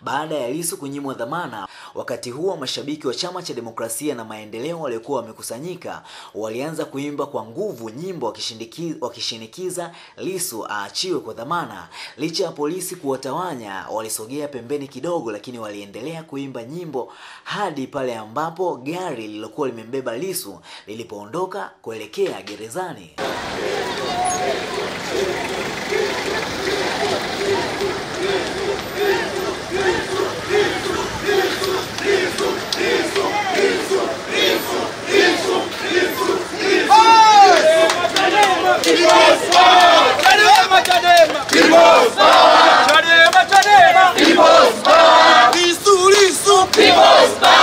baada ya Lissu kunyimwa dhamana. Wakati huo mashabiki wa chama cha demokrasia na maendeleo waliokuwa wamekusanyika walianza kuimba kwa nguvu nyimbo wakishinikiza Lissu aachiwe kwa dhamana. Licha ya polisi kuwatawanya, walisogea pembeni kidogo, lakini waliendelea kuimba nyimbo hadi pale ambapo gari lililokuwa limembeba Lissu lilipoondoka kuelekea gerezani. People's Bank!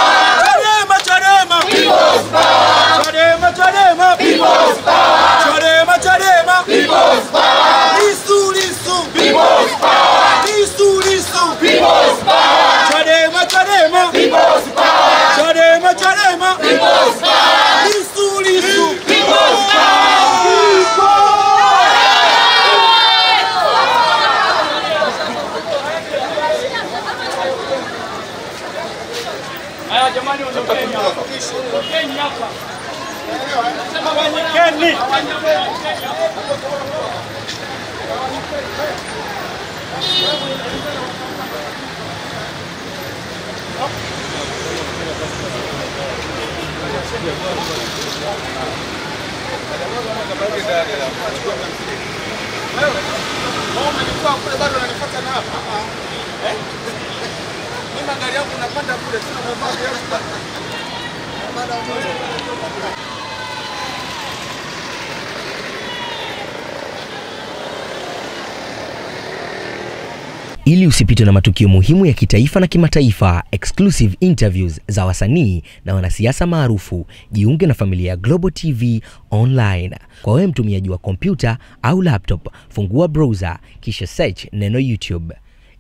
Jamani ondokeni hapa. Ondokeni hapa. Nasema ondokeni. Wewe, mbona bado gari kule, sina Ili usipitwe na matukio muhimu ya kitaifa na kimataifa, exclusive interviews za wasanii na wanasiasa maarufu, jiunge na familia ya Global TV Online. Kwa wewe mtumiaji wa kompyuta au laptop, fungua browser kisha search neno YouTube.